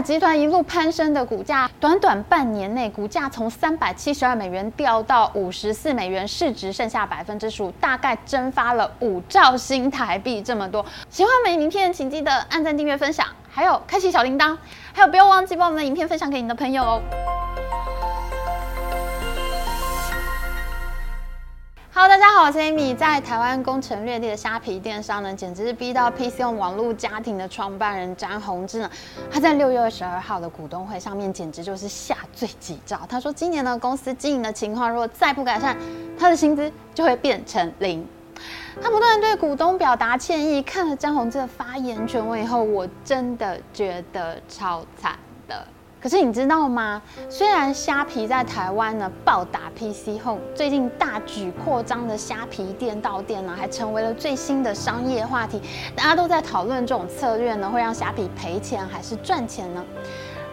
集團一路攀升的股價，短短半年內，股價從三百七十二美元掉到五十四美元，市值剩下百分之十五，大概蒸發了五兆新台幣。這麼多喜歡我們影片，請記得按讚、訂閱、分享，還有開啟小鈴鐺，還有不要忘記把我們的影片分享給你的朋友哦。好，大家好，我是 Amy。在台灣攻城略地的蝦皮電商呢，簡直是逼到 PChome 網絡家庭的創辦人詹宏志呢，他在六月二十二號的股東會上面，簡直就是下罪己詔。他說，今年呢公司經營的情況如果再不改善，他的薪資就會變成零。他不斷對股東表達歉意。看了詹宏志的發言全文以後，我真的覺得超慘。可是你知道嗎？雖然蝦皮在台灣呢暴打 PC Home，最近大舉擴張的蝦皮店到店呢，還成為了最新的商業話題，大家都在討論這種策略呢會讓蝦皮賠錢還是賺錢呢？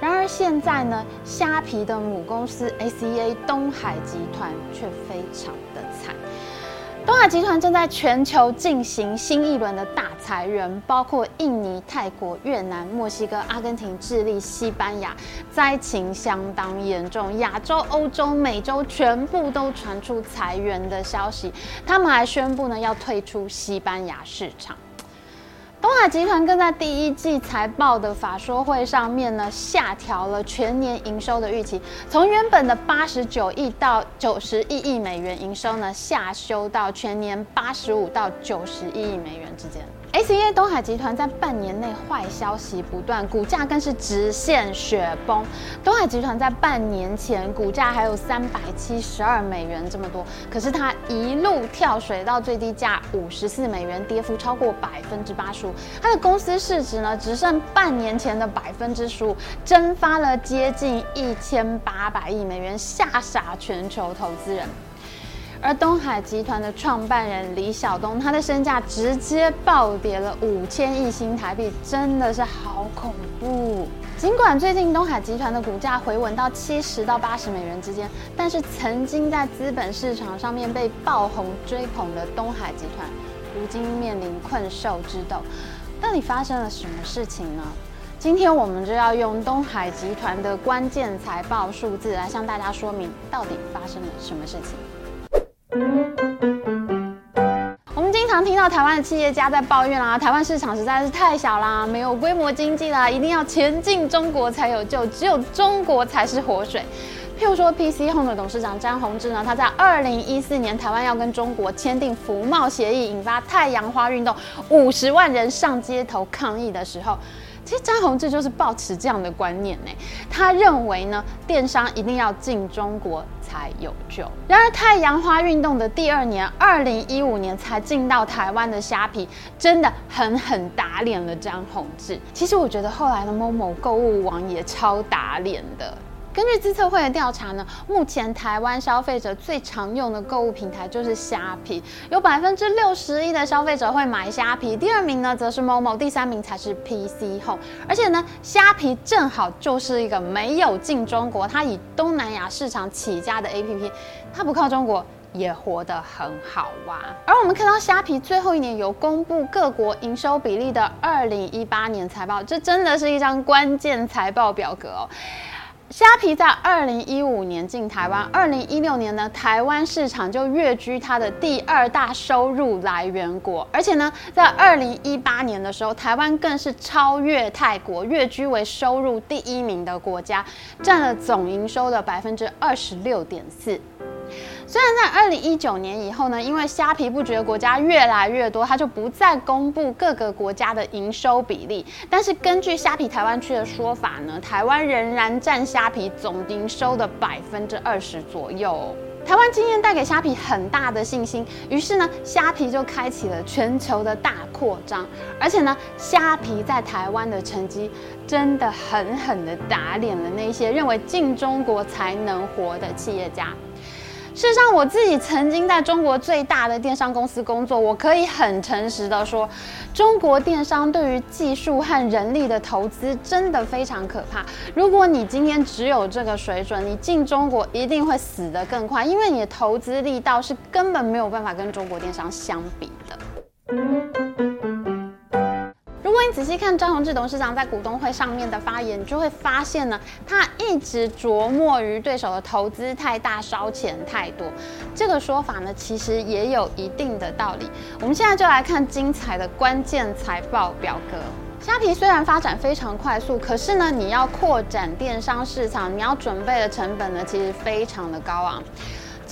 然而現在呢，蝦皮的母公司 SEA 冬海集團卻非常的慘。冬海集團正在全球進行新一輪的大裁員，包括印尼、泰國、越南、墨西哥、阿根廷、智利、西班牙，災情相當嚴重。亞洲、歐洲、美洲全部都傳出裁員的消息。他們還宣布呢，要退出西班牙市場。冬海集團更在第一季財報的法說會上面呢，下調了全年營收的預期，從原本的八十九億到九十一億美元營收呢，下修到全年八十五到九十一億美元之間。S E A 冬海集團在半年內壞消息不斷，股價更是直線雪崩。冬海集團在半年前股價還有三百七十二美元這麼多，可是它一路跳水到最低價五十四美元，跌幅超過百分之八十五。它的公司市值呢，只剩半年前的百分之十五，蒸發了接近一千八百億美元，嚇傻全球投資人。而冬海集團的創辦人李小冬，他的身價直接暴跌了五千億新台幣，真的是好恐怖。儘管最近冬海集團的股價回穩到七十到八十美元之間，但是曾經在資本市場上面被爆紅追捧的冬海集團，如今面臨困獸之鬥。到底發生了什麼事情呢？今天我們就要用冬海集團的關鍵財報數字來向大家說明到底發生了什麼事情。我們經常聽到台灣的企業家在抱怨啊，台灣市場實在是太小啦，沒有規模經濟啦，一定要前進中國才有救，只有中國才是活水。譬如說，PC Home 的董事長詹宏志呢，他在二零一四年台灣要跟中國簽訂服貿協議，引發太陽花運動，五十萬人上街頭抗議的時候，其實詹宏志就是抱持這樣的觀念呢。他認為呢，電商一定要進中國。還有救。然而，太陽花運動的第二年，二零一五年才進到台灣的蝦皮，真的狠狠打臉了張宏志。其實，我覺得後來的 momo 購物網也超打臉的。根據資策會的調查呢，目前台灣消費者最常用的購物平台就是蝦皮，有百分之六十一的消費者會買蝦皮，第二名呢則是 Momo，第三名才是 PC Home。而且呢，蝦皮正好就是一個沒有進中國，它以東南亞市場起家的 APP，它不靠中國也活得很好哇、啊。而我們看到蝦皮最後一年有公布各國營收比例的二零一八年財報，這真的是一張關鍵財報表格哦。蝦皮在二零一五年進台灣，二零一六年呢，台灣市場就躍居它的第二大收入來源國，而且呢，在二零一八年的時候，台灣更是超越泰國，躍居為收入第一名的國家，佔了總營收的百分之二十六點四。雖然在二零一九年以後呢，因為蝦皮布局的國家越來越多，它就不再公布各個國家的營收比例。但是根據蝦皮台灣區的說法呢，台灣仍然占蝦皮總營收的百分之二十左右。台灣經驗帶給蝦皮很大的信心，於是呢，蝦皮就開啟了全球的大擴張。而且呢，蝦皮在台灣的成績真的狠狠的打臉了那些認為進中國才能活的企業家。事實上，我自己曾經在中國最大的電商公司工作，我可以很誠實的說，中國電商對於技術和人力的投資真的非常可怕。如果你今天只有這個水準，你進中國一定會死得更快，因為你的投資力道是根本沒有辦法跟中國電商相比的。仔細看詹宏志董事長在股東會上面的發言，你就會發現呢，他一直琢磨於對手的投資太大，燒錢太多。這個說法呢，其實也有一定的道理。我們現在就來看精彩的關鍵財報表格。蝦皮雖然發展非常快速，可是呢，你要擴展電商市場，你要準備的成本呢，其實非常的高昂。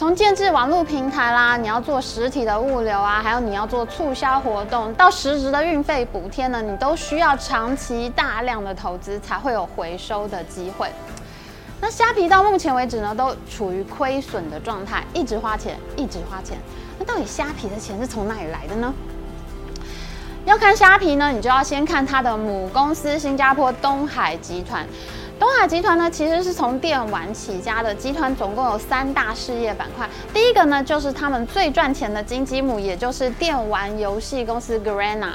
從建制網絡平台啦，你要做實體的物流啊，還有你要做促銷活動，到實質的運費補貼呢，你都需要長期大量的投資才會有回收的機會。那蝦皮到目前為止呢，都處於虧損的狀態，一直花錢，一直花錢。那到底蝦皮的錢是從哪裡來的呢？要看蝦皮呢，你就要先看它的母公司新加坡冬海集團。冬海集團呢，其實是從電玩起家的。集團總共有三大事業板塊，第一個呢，就是他們最賺錢的金雞母，也就是電玩遊戲公司 Garena。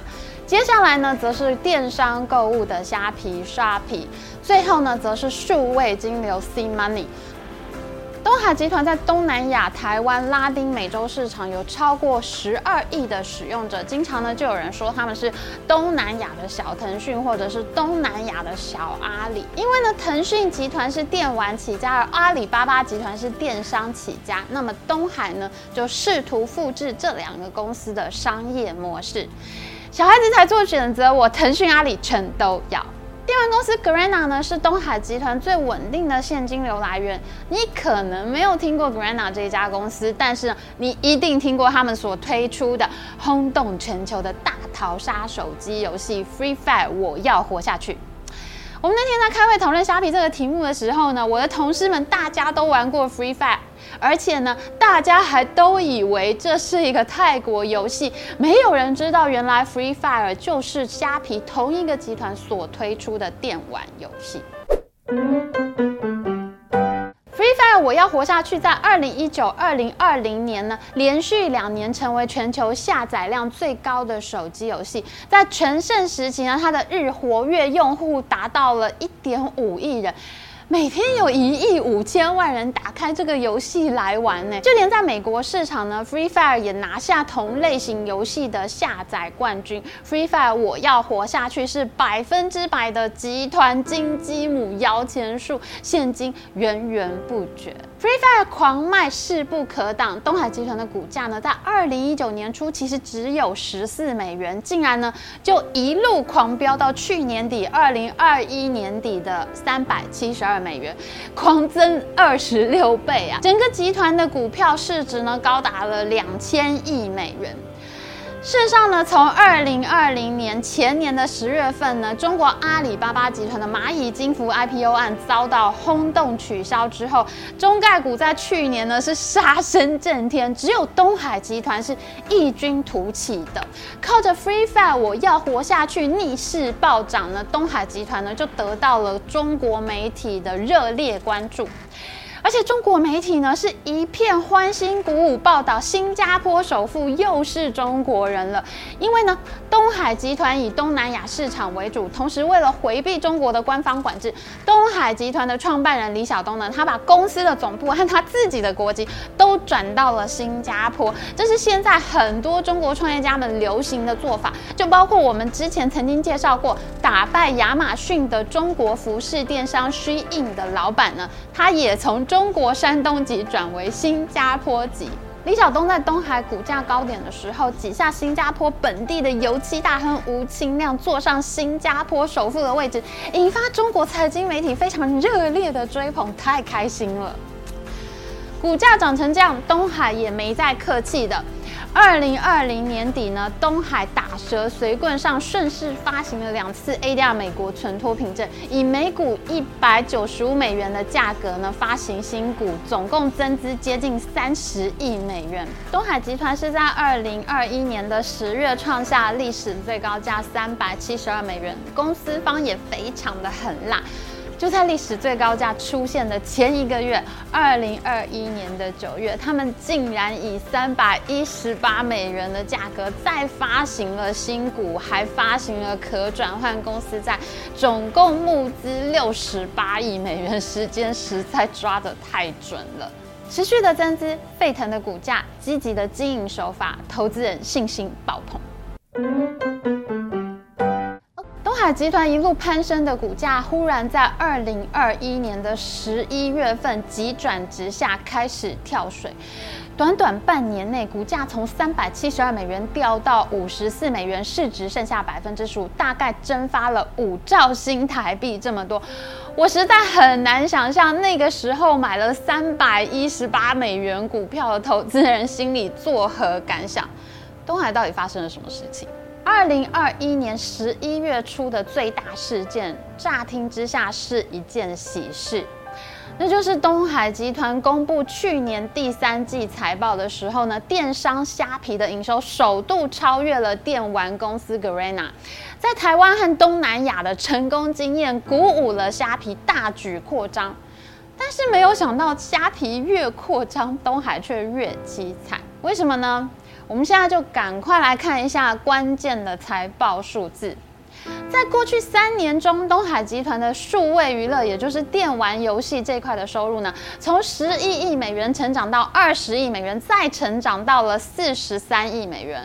接下來呢，則是電商購物的蝦皮 Shopee；最後呢，則是數位金流 Sea Money。冬海集團在東南亞、台灣、拉丁美洲市場有超過十二億的使用者，經常呢就有人說他們是東南亞的小騰訊，或者是東南亞的小阿里。因為呢，騰訊集團是電玩起家，而阿里巴巴集團是電商起家，那麼冬海呢就試圖複製這兩個公司的商業模式。小孩子才做選擇，我騰訊、阿里全都要。電玩公司 Garena 呢，是冬海集團最穩定的現金流來源。你可能沒有聽過 Garena 這一家公司，但是你一定聽過他們所推出的轟動全球的大逃殺手機遊戲 Free Fire。我要活下去。我們那天在開會討論蝦皮這個題目的時候呢，我的同事們大家都玩過 Free Fire。而且呢，大家還都以為這是一個泰國遊戲，沒有人知道原來 Free Fire 就是蝦皮同一個集團所推出的電玩遊戲。Free Fire 我要活下去，在二零一九、二零二零年呢，連續兩年成為全球下載量最高的手機遊戲。在全盛時期呢，它的日活躍用戶達到了一點五億人。每天有一億五千萬人打開這個遊戲來玩呢，就連在美國市場呢，Free Fire 也拿下同類型遊戲的下載冠軍。Free Fire，我要活下去，是百分之百的集團金雞母搖錢樹，現金源源不絕。Free Fire 狂賣勢不可擋，冬海集團的股價呢，在二零一九年初其實只有十四美元，竟然呢就一路狂飆到去年底二零二一年底的三百七十二美元，狂增二十六倍啊！整個集團的股票市值呢，高達了兩千億美元。事實上呢，從二零二零年前年的十月份呢，中國阿里巴巴集團的螞蟻金服 IPO 案遭到轟動取消之後，中概股在去年呢是殺聲震天，只有東海集團是異軍突起的，靠着 Free Fire 我要活下去逆勢暴漲呢，東海集團呢就得到了中國媒體的熱烈關注。而且中國媒體呢，是一片歡欣鼓舞報道，新加坡首富又是中國人了。因為呢，冬海集團以東南亞市場為主，同時為了回避中國的官方管制，冬海集團的創辦人李小冬呢，他把公司的總部和他自己的國籍都轉到了新加坡。這是現在很多中國創業家們流行的做法，就包括我們之前曾經介紹過打敗亞馬遜的中國服飾電商 SHEIN 的老板呢，他也從中。中國山東籍轉為新加坡籍，李小冬在冬海股價高點的時候，擠下新加坡本地的油漆大亨吳清亮，坐上新加坡首富的位置，引發中國財經媒體非常熱烈的追捧，太開心了。股價漲成這樣，冬海也沒再客氣的。二零二零年底呢，冬海打蛇隨棍上，順勢發行了兩次 ADR 美國存託憑證，以每股一百九十五美元的價格呢發行新股，總共增資接近三十億美元。冬海集團是在二零二一年的十月創下歷史最高價三百七十二美元，公司方也非常的狠辣。就在歷史最高價出現的前一個月，二零二一年的九月，他們竟然以三百一十八美元的價格再發行了新股，還發行了可轉換公司債，總共募資六十八億美元，時間實在抓得太準了。持續的增資，沸騰的股價，積極的經營手法，投資人信心爆棚。冬海集團一路攀升的股價，忽然在二零二一年的十一月份急轉直下，開始跳水。短短半年內，股價從三百七十二美元掉到五十四美元，市值剩下百分之十五，大概蒸發了五兆新台幣。這麼多，我實在很難想象那個時候買了三百一十八美元股票的投資人心裡作何感想。冬海到底發生了什麼事情？二零二一年十一月初的最大事件，乍聽之下是一件喜事，那就是冬海集團公布去年第三季財報的時候呢，電商蝦皮的營收首度超越了電玩公司 Garena，在台灣和東南亞的成功經驗鼓舞了蝦皮大舉擴張，但是沒有想到蝦皮越擴張，冬海卻越淒慘，為什麼呢？我們現在就趕快來看一下關鍵的財報數字。在過去三年中，冬海集團的數位娛樂，也就是電玩遊戲這塊的收入呢，從十一億美元成長到二十億美元，再成長到了四十三億美元。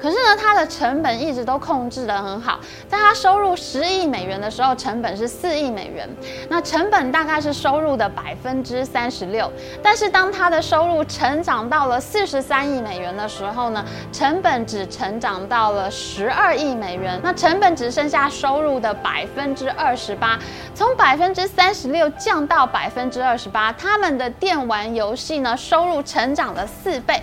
可是呢，它的成本一直都控制得很好。在它收入十億美元的時候，成本是四億美元，那成本大概是收入的百分之三十六。但是當它的收入成長到了四十三億美元的時候呢，成本只成長到了十二億美元，那成本只剩下，收入的百分之二十八，從百分之三十六降到百分之二十八，他們的電玩遊戲呢收入成長了四倍，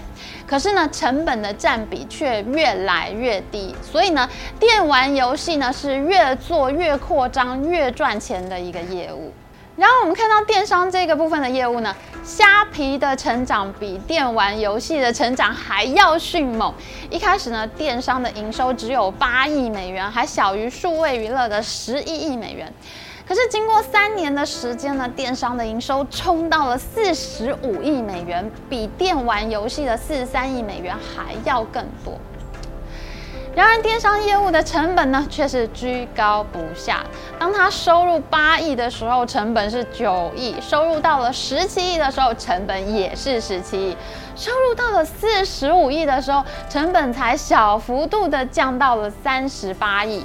可是呢成本的占比卻越來越低，所以呢電玩遊戲呢是越做越擴張、越賺錢的一個業務。然後我們看到電商這個部分的業務呢，蝦皮的成長比電玩遊戲的成長還要迅猛。一開始呢，電商的營收只有八億美元，還小於數位娛樂的十一億美元。可是經過三年的時間呢，電商的營收衝到了四十五億美元，比電玩遊戲的四十三億美元還要更多。然而，電商業務的成本呢，卻是居高不下。當它收入八億的時候，成本是九億；收入到了十七億的時候，成本也是十七億；收入到了四十五億的時候，成本才小幅度的降到了三十八億。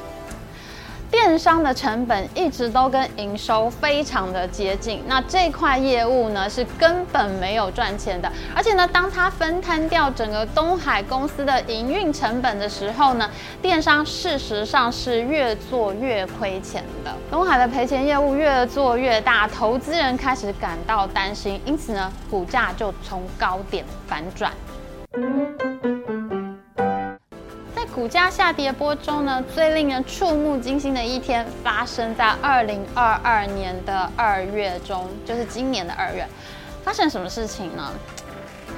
電商的成本一直都跟營收非常的接近，那這塊業務呢，是根本沒有賺錢的，而且呢，當它分攤掉整個冬海公司的營運成本的時候呢，電商事實上是越做越虧錢的。冬海的賠錢業務越做越大，投資人開始感到擔心，因此呢，股價就從高點反轉。股價下跌波中呢，最令人觸目驚心的一天發生在二零二二年的二月中，就是今年的二月，發生什麼事情呢？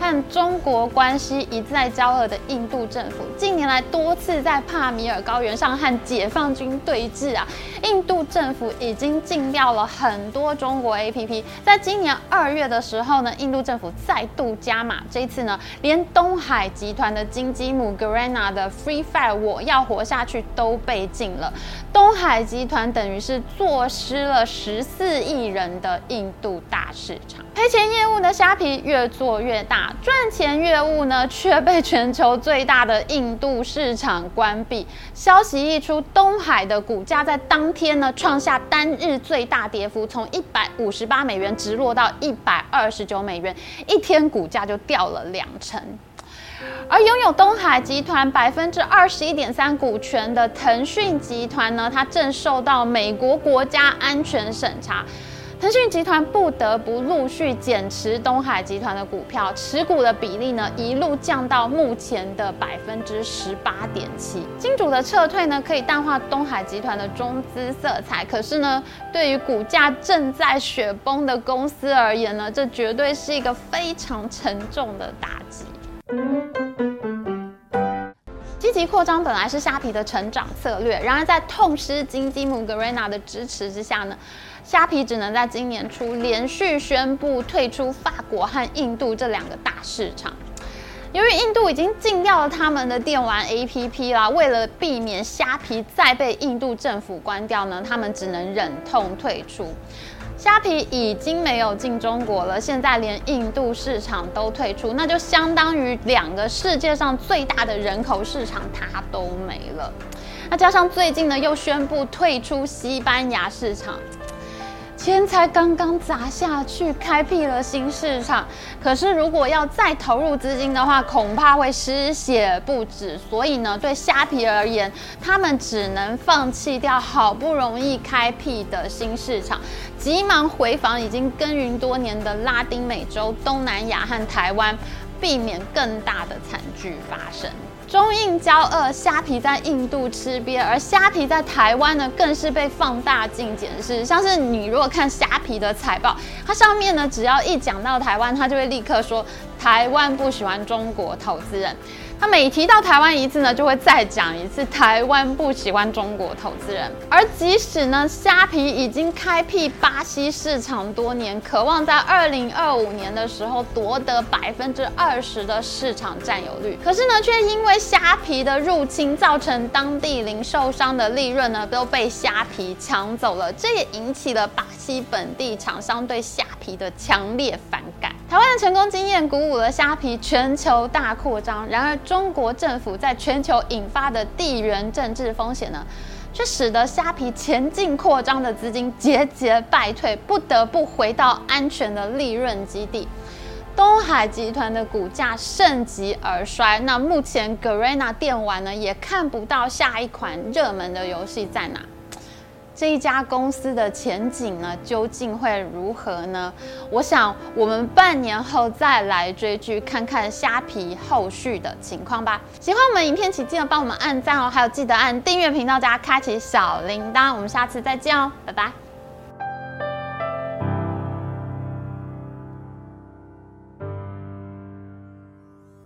和中國關係一再交惡的印度政府，近年來多次在帕米爾高原上和解放軍對峙啊。印度政府已經禁掉了很多中國 APP。在今年二月的時候呢，印度政府再度加碼，這一次呢，連冬海集團的金雞母 Garena 的 Free Fire 我要活下去都被禁了。冬海集團等於是坐失了十四億人的印度大市場，賠錢業務的蝦皮越做越大。賺錢業務呢，卻被全球最大的印度市場關閉。消息一出，冬海的股價在當天呢，創下單日最大跌幅，從一百五十八美元直落到一百二十九美元，一天股價就掉了兩成。而擁有冬海集團百分之二十一點三股權的騰訊集團呢，它正受到美國國家安全審查。騰訊集團不得不陸續減持東海集團的股票，持股的比例呢一路降到目前的百分之十八點七。金主的撤退呢，可以淡化東海集團的中資色彩，可是呢，對於股價正在雪崩的公司而言呢，這絕對是一個非常沉重的打擊。 積極擴張本來是蝦皮的成長策略，然而在痛失金雞母 Garena 的支持之下呢，蝦皮只能在今年初連續宣布退出法國和印度這兩個大市場，由於印度已經禁掉了他們的電玩 APP 啦，為了避免蝦皮再被印度政府關掉呢，他們只能忍痛退出。蝦皮已經沒有進中國了，現在連印度市場都退出，那就相當於兩個世界上最大的人口市場它都沒了。那加上最近呢，又宣布退出西班牙市場。錢才剛剛砸下去，開闢了新市場。可是，如果要再投入資金的話，恐怕會失血不止。所以呢，對蝦皮而言，他們只能放棄掉好不容易開闢的新市場，急忙回防已經耕耘多年的拉丁美洲、東南亞和台灣，避免更大的慘劇發生。中印交惡，蝦皮在印度吃鱉，而蝦皮在台灣呢，更是被放大鏡檢視。像是你如果看蝦皮的財報，它上面呢，只要一講到台灣，它就會立刻說台灣不喜歡中國投資人。他每提到台灣一次呢，就會再講一次台灣不喜歡中國投資人。而即使呢，蝦皮已經開闢巴西市場多年，渴望在二零二五年的時候奪得百分之二十的市場佔有率，可是呢，卻因為蝦皮的入侵，造成當地零售商的利潤呢都被蝦皮搶走了，這也引起了巴西本地廠商對蝦皮的強烈反感，台灣的成功經驗鼓舞了蝦皮全球大擴張。然而，中國政府在全球引發的地緣政治風險呢，卻使得蝦皮前進擴張的資金節節敗退，不得不回到安全的利潤基地。東海集團的股價盛極而衰。那目前，Garena 電玩呢，也看不到下一款熱門的遊戲在哪。這一家公司的前景呢，究竟會如何呢？我想我們半年後再來追劇，看看蝦皮後續的情況吧。喜歡我們影片，請記得幫我們按讚哦，還有記得按訂閱頻道，加開啟小鈴鐺。我們下次再見哦，拜拜。